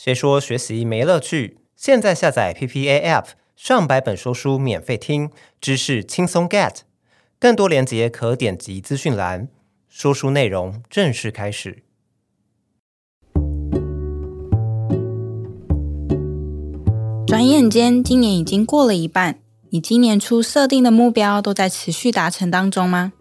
誰說學習沒樂趣？現在下載 PPA App，上百本說書免費聽，知識輕鬆 get。更多鏈接可點擊資訊欄。說書內容正式開始。轉眼間，今年已經過了一半，你今年初設定的目標都在持續達成當中嗎？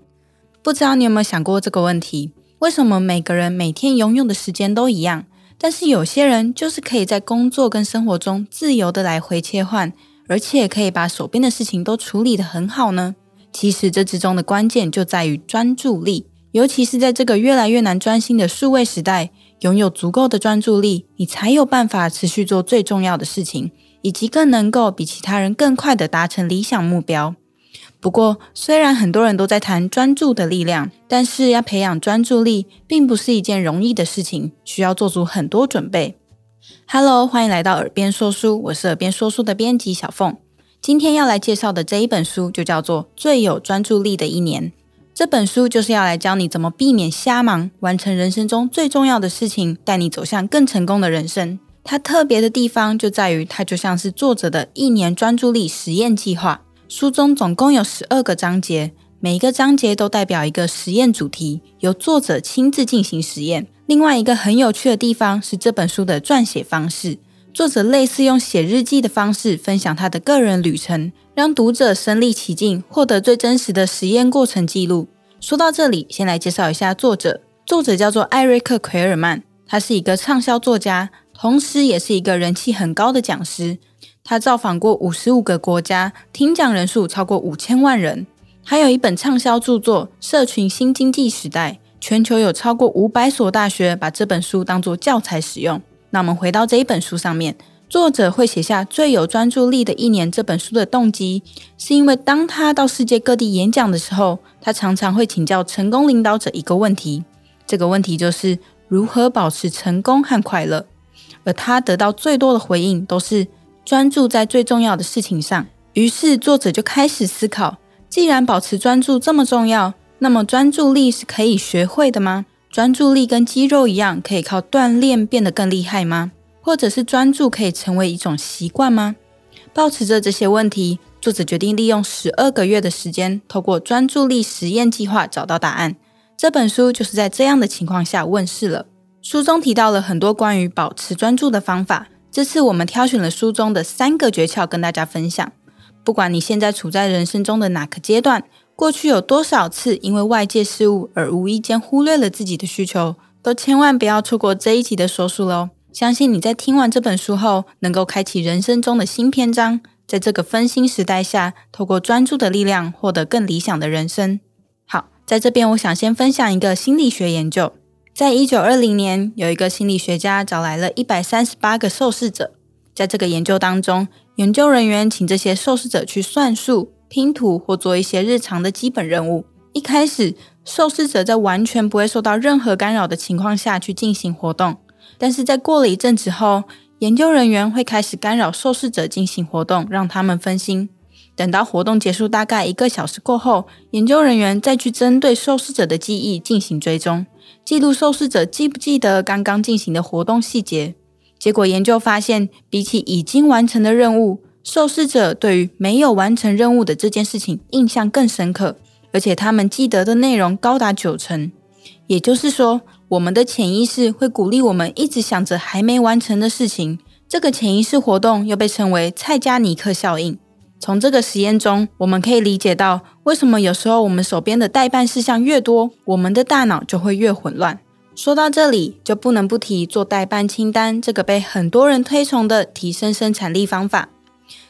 不知道你有沒有想過這個問題？為什麼每個人每天擁有的時間都一樣？但是有些人就是可以在工作跟生活中自由地來回切換，而且可以把手邊的事情都處理得很好呢？其實這之中的關鍵就在於專注力，尤其是在這個越來越難專心的數位時代，擁有足夠的專注力，你才有辦法持續做最重要的事情，以及更能夠比其他人更快地達成理想目標。不過，雖然很多人都在談專注的力量，但是要培養專注力，並不是一件容易的事情，需要做足很多準備。Hello，歡迎來到耳邊說書，我是耳邊說書的編輯小鳳。今天要來介紹的這一本書，就叫做《最有專注力的一年》。這本書就是要來教你怎麼避免瞎忙，完成人生中最重要的事情，帶你走向更成功的人生。它特別的地方就在於，它就像是作者的一年專注力實驗計劃。書中總共有十二個章節，每一個章節都代表一個實驗主題，由作者親自進行實驗。另外一個很有趣的地方是這本書的撰寫方式，作者類似用寫日記的方式分享他的個人旅程，讓讀者身歷其境，獲得最真實的實驗過程記錄。說到這裡，先來介紹一下作者。作者叫做艾瑞克·奎爾曼，他是一個暢銷作家，同時也是一個人氣很高的講師。他造訪過五十五個國家，聽講人數超過五千萬人。還有一本暢銷著作《社群新經濟時代》，全球有超過五百所大學把這本書當做教材使用。那我們回到這一本書上面，作者會寫下最有專注力的一年。這本書的動機是因為當他到世界各地演講的時候，他常常會請教成功領導者一個問題，這個問題就是如何保持成功和快樂。而他得到最多的回應都是。專注在最重要的事情上，於是作者就開始思考：既然保持專注這麼重要，那麼專注力是可以學會的嗎？專注力跟肌肉一樣，可以靠鍛鍊變得更厲害嗎？或者是專注可以成為一種習慣嗎？抱持著這些問題，作者決定利用十二個月的時間，透過專注力實驗計劃找到答案。這本書就是在這樣的情況下問世了。書中提到了很多關於保持專注的方法。這次我們挑選了書中的三個訣竅跟大家分享。不管你現在處在人生中的哪個階段，過去有多少次因為外界事物而無意間忽略了自己的需求，都千萬不要錯過這一集的說書嘍。相信你在聽完這本書後，能夠開啟人生中的新篇章，在這個分心時代下，透過專注的力量，獲得更理想的人生。好，在這邊我想先分享一個心理學研究。在一九二零年，有一個心理學家找來了一百三十八個受試者。在這個研究當中，研究人員請這些受試者去算數、拼圖或做一些日常的基本任務。一開始，受試者在完全不會受到任何干擾的情況下去進行活動。但是在過了一陣子後，研究人員會開始干擾受試者進行活動，讓他們分心。等到活動結束，大概一個小時過後，研究人員再去針對受試者的記憶進行追蹤。記錄受試者記不記得剛剛進行的活動細節。結果研究發現，比起已經完成的任務，受試者對於沒有完成任務的這件事情印象更深刻，而且他們記得的內容高達九成。也就是說，我們的潛意識會鼓勵我們一直想着還沒完成的事情。這個潛意識活動又被稱為蔡加尼克效應。從這個實驗中，我們可以理解到為什麼有時候我們手邊的待辦事項越多，我們的大腦就會越混亂。說到這裡，就不能不提做待辦清單這個被很多人推崇的提升生產力方法。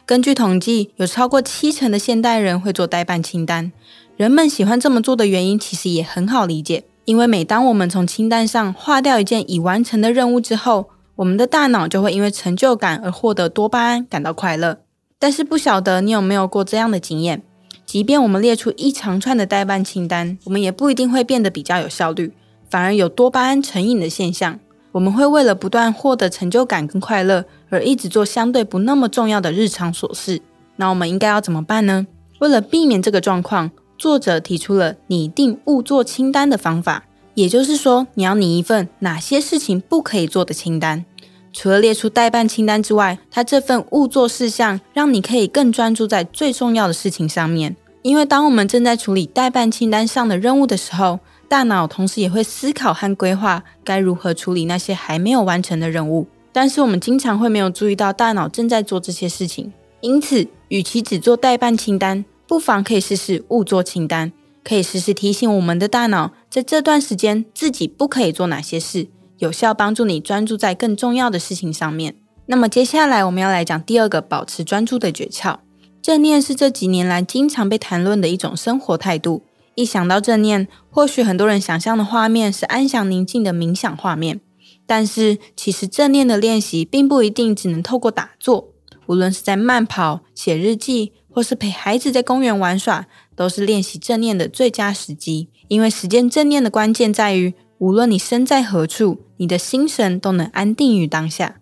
根據統計，有超過七成的現代人會做待辦清單。人們喜歡這麼做的原因，其實也很好理解，因為每當我們從清單上劃掉一件已完成的任務之後，我們的大腦就會因為成就感而獲得多巴胺，感到快樂。但是不曉得你有沒有過這樣的經驗？即便我們列出一長串的待辦清單，我們也不一定會變得比較有效率，反而有多巴胺成癮的現象。我們會為了不斷獲得成就感跟快樂，而一直做相對不那麼重要的日常瑣事。那我們應該要怎麼辦呢？為了避免這個狀況，作者提出了擬定勿做清單的方法，也就是說，你要擬一份哪些事情不可以做的清單。除了列出待辦清單之外，它這份勿做事項讓你可以更專注在最重要的事情上面。因為當我們正在處理待辦清單上的任務的時候，大腦同時也會思考和規劃該如何處理那些還沒有完成的任務。但是我們經常會沒有注意到大腦正在做這些事情。因此，與其只做待辦清單，不妨可以試試勿做清單，可以時時提醒我們的大腦，在這段時間自己不可以做哪些事。有效幫助你專注在更重要的事情上面。那麼接下來我們要來講第二個保持專注的訣竅。正念是這幾年來經常被談論的一種生活態度。一想到正念，或許很多人想象的畫面是安詳寧靜的冥想畫面。但是其實正念的練習並不一定只能透過打坐，無論是在慢跑、寫日記，或是陪孩子在公園玩耍，都是練習正念的最佳時機。因為實踐正念的關鍵在於。無論你身在何處，你的心神都能安定於當下。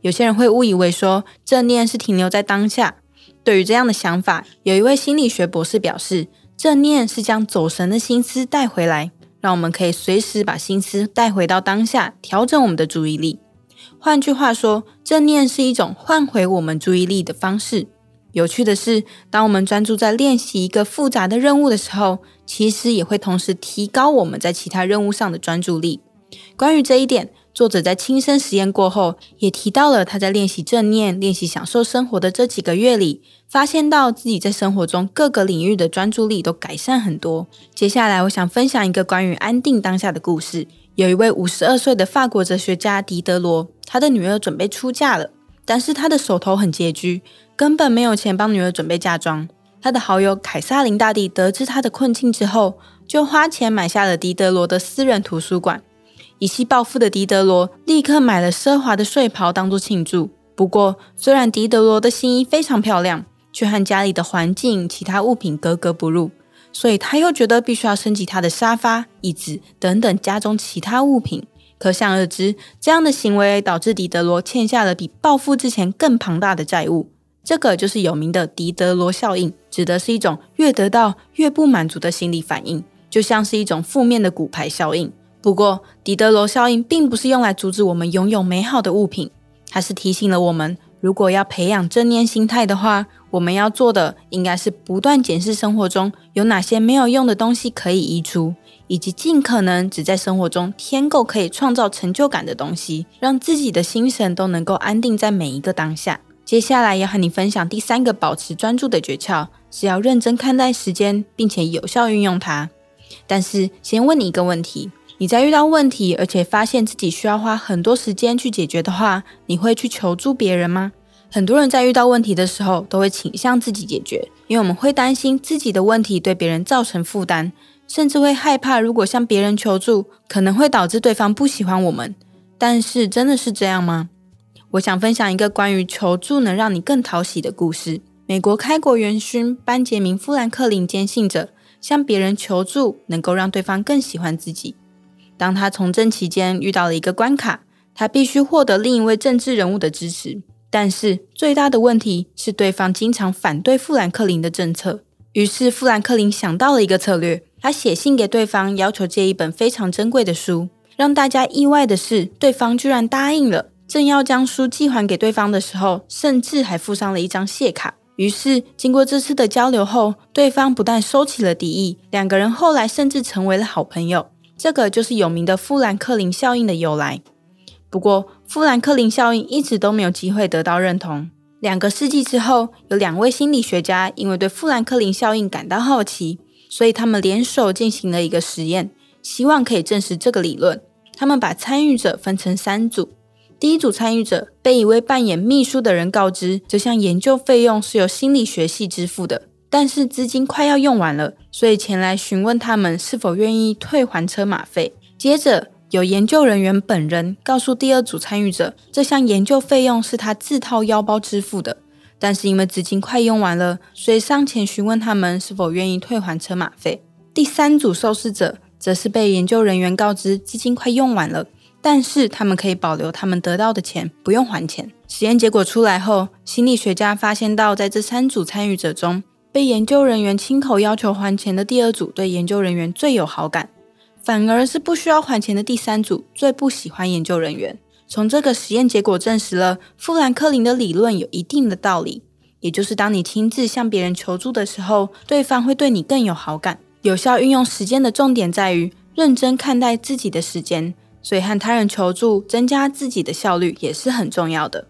有些人會誤以為說正念是停留在當下，對於這樣的想法，有一位心理學博士表示，正念是將走神的心思帶回來，讓我們可以隨時把心思帶回到當下，調整我們的注意力。換句話說，正念是一種喚回我們注意力的方式。有趣的是，當我們專注在練習一個複雜的任務的時候，其實也會同時提高我們在其他任務上的專注力。關於這一點，作者在親身實驗過後，也提到了他在練習正念、練習享受生活的這幾個月裡，發現到自己在生活中各個領域的專注力都改善很多。接下來，我想分享一個關於安定當下的故事。有一位五十二歲的法國哲學家狄德羅，他的女兒準備出嫁了。但是他的手頭很拮據，根本沒有錢幫女兒準備嫁妝。他的好友凱薩琳大帝得知他的困境之後，就花錢買下了狄德羅的私人圖書館。一夕暴富的狄德羅立刻買了奢華的睡袍當做慶祝。不過，雖然狄德羅的新衣非常漂亮，卻和家裡的環境、其他物品格格不入，所以他又覺得必須要升級他的沙發、椅子等等家中其他物品。可想而知，這樣的行為導致狄德羅欠下了比暴富之前更龐大的債務。這個就是有名的狄德羅效應，指的是一種越得到越不滿足的心理反應，就像是一種負面的骨牌效應。不過，狄德羅效應並不是用來阻止我們擁有美好的物品，它是提醒了我們，如果要培養正念心態的話，我們要做的應該是不斷檢視生活中有哪些沒有用的東西可以移除。以及盡可能只在生活中添購可以創造成就感的東西，讓自己的心神都能夠安定在每一個當下。接下來要和你分享第三個保持專注的訣竅，是要認真看待時間，並且有效運用它。但是先問你一個問題：你在遇到問題，而且發現自己需要花很多時間去解決的話，你會去求助別人嗎？很多人在遇到問題的時候，都會傾向自己解決，因為我們會擔心自己的問題對別人造成負擔。甚至會害怕，如果向別人求助，可能會導致對方不喜歡我們。但是，真的是這樣嗎？我想分享一個關於求助能讓你更討喜的故事。美國開國元勳班杰明·富蘭克林堅信着，向別人求助能夠讓對方更喜歡自己。當他從政期間遇到了一個關卡，他必須獲得另一位政治人物的支持。但是，最大的問題是對方經常反對富蘭克林的政策。於是，富蘭克林想到了一個策略。他寫信給對方，要求借一本非常珍貴的書。讓大家意外的是，對方居然答應了。正要將書寄還給對方的時候，甚至還附上了一張謝卡。於是，經過這次的交流後，對方不但收起了敵意，兩個人後來甚至成為了好朋友。這個就是有名的富蘭克林效應的由來。不過，富蘭克林效應一直都沒有機會得到認同。兩個世紀之後，有兩位心理學家因為對富蘭克林效應感到好奇。所以他們聯手進行了一個實驗，希望可以證實這個理論。他們把參與者分成三組，第一組參與者被一位扮演秘書的人告知，這項研究費用是由心理學系支付的，但是資金快要用完了，所以前來詢問他們是否願意退還車馬費。接着，有研究人員本人告訴第二組參與者，這項研究費用是他自掏腰包支付的。但是因為資金快用完了，所以上前詢問他們是否願意退還車馬費。第三組受試者則是被研究人員告知資金快用完了，但是他們可以保留他們得到的錢，不用還錢。實驗結果出來後，心理學家發現到在這三組參與者中，被研究人員親口要求還錢的第二組對研究人員最有好感，反而是不需要還錢的第三組最不喜歡研究人員。從這個實驗結果證實了富蘭克林的理論有一定的道理，也就是當你親自向別人求助的時候，對方會對你更有好感。有效運用時間的重點在於認真看待自己的時間，所以和他人求助增加自己的效率也是很重要的。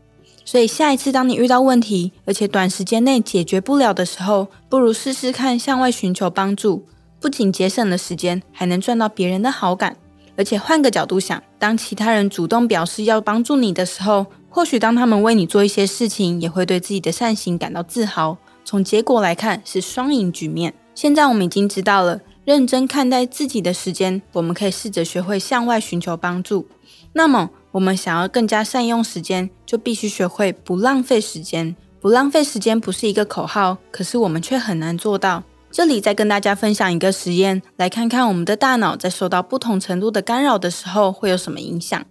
所以下一次當你遇到問題，而且短時間內解決不了的時候，不如試試看向外尋求幫助，不僅節省了時間，還能賺到別人的好感。而且換個角度想，當其他人主動表示要幫助你的時候，或許當他們為你做一些事情，也會對自己的善行感到自豪。從結果來看，是雙贏局面。現在我們已經知道了，認真看待自己的時間，我們可以試着學會向外尋求幫助。那麼，我們想要更加善用時間，就必須學會不浪費時間。不浪費時間不是一個口號，可是我們卻很難做到。這裡再跟大家分享一個實驗，來看看我們的大腦在受到不同程度的干擾的時候會有什麼影響。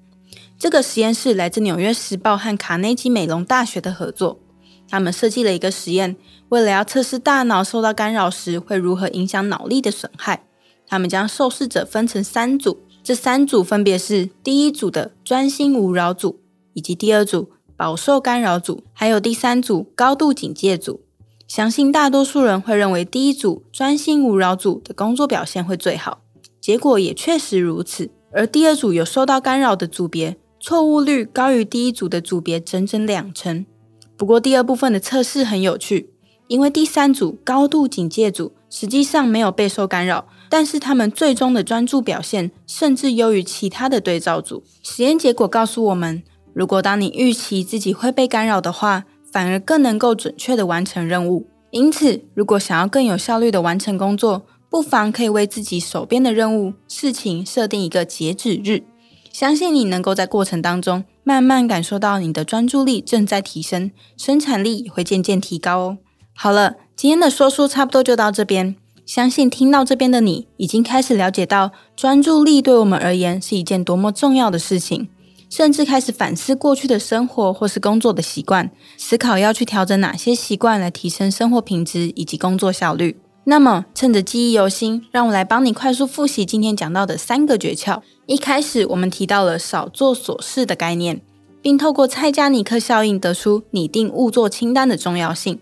這個實驗是來自《紐約時報》和卡內基梅隆大學的合作。他們設計了一個實驗，為了要測試大腦受到干擾時會如何影響腦力的損害，他們將受試者分成三組，這三組分別是第一組的專心無擾組，以及第二組飽受干擾組，還有第三組高度警戒組。相信大多數人會認為第一組專心無擾組的工作表現會最好，結果也確實如此。而第二組有受到干擾的組別，錯誤率高於第一組的組別整整兩成。不過第二部分的測試很有趣，因為第三組高度警戒組實際上沒有備受干擾，但是他們最終的專注表現甚至優於其他的對照組。實驗結果告訴我們，如果當你預期自己會被干擾的話，反而更能夠準確地完成任務，因此，如果想要更有效率地完成工作，不妨可以為自己手邊的任務、事情設定一個截止日，相信你能夠在過程當中慢慢感受到你的專注力正在提升，生產力也會漸漸提高哦。好了，今天的說書差不多就到這邊，相信聽到這邊的你已經開始了解到專注力對我們而言是一件多麼重要的事情。甚至開始反思過去的生活或是工作的習慣，思考要去調整哪些習慣來提升生活品質以及工作效率。那麼，趁着記憶猶新，讓我來幫你快速複習今天講到的三個訣竅。一開始，我們提到了少做瑣事的概念，並透過蔡加尼克效應得出擬定勿做清單的重要性。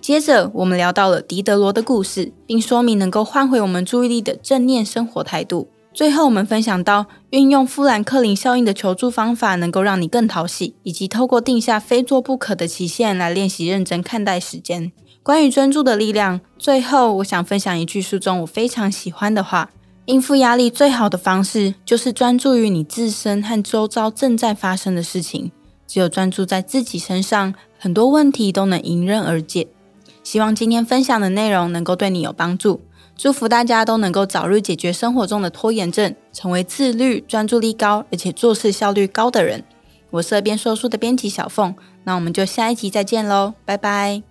接着，我們聊到了狄德羅的故事，並說明能夠喚回我們注意力的正念生活態度。最後，我們分享到運用富蘭克林效應的求助方法，能夠讓你更討喜，以及透過定下非做不可的期限來練習認真看待時間。關於專注的力量，最後我想分享一句書中我非常喜歡的話：應付壓力最好的方式，就是專注於你自身和周遭正在發生的事情。只有專注在自己身上，很多問題都能迎刃而解。希望今天分享的內容能夠對你有幫助。祝福大家都能夠早日解決生活中的拖延症，成為自律、專注力高而且做事效率高的人。我是邊說書的編輯小鳳，那我們就下一集再見嘍，拜拜。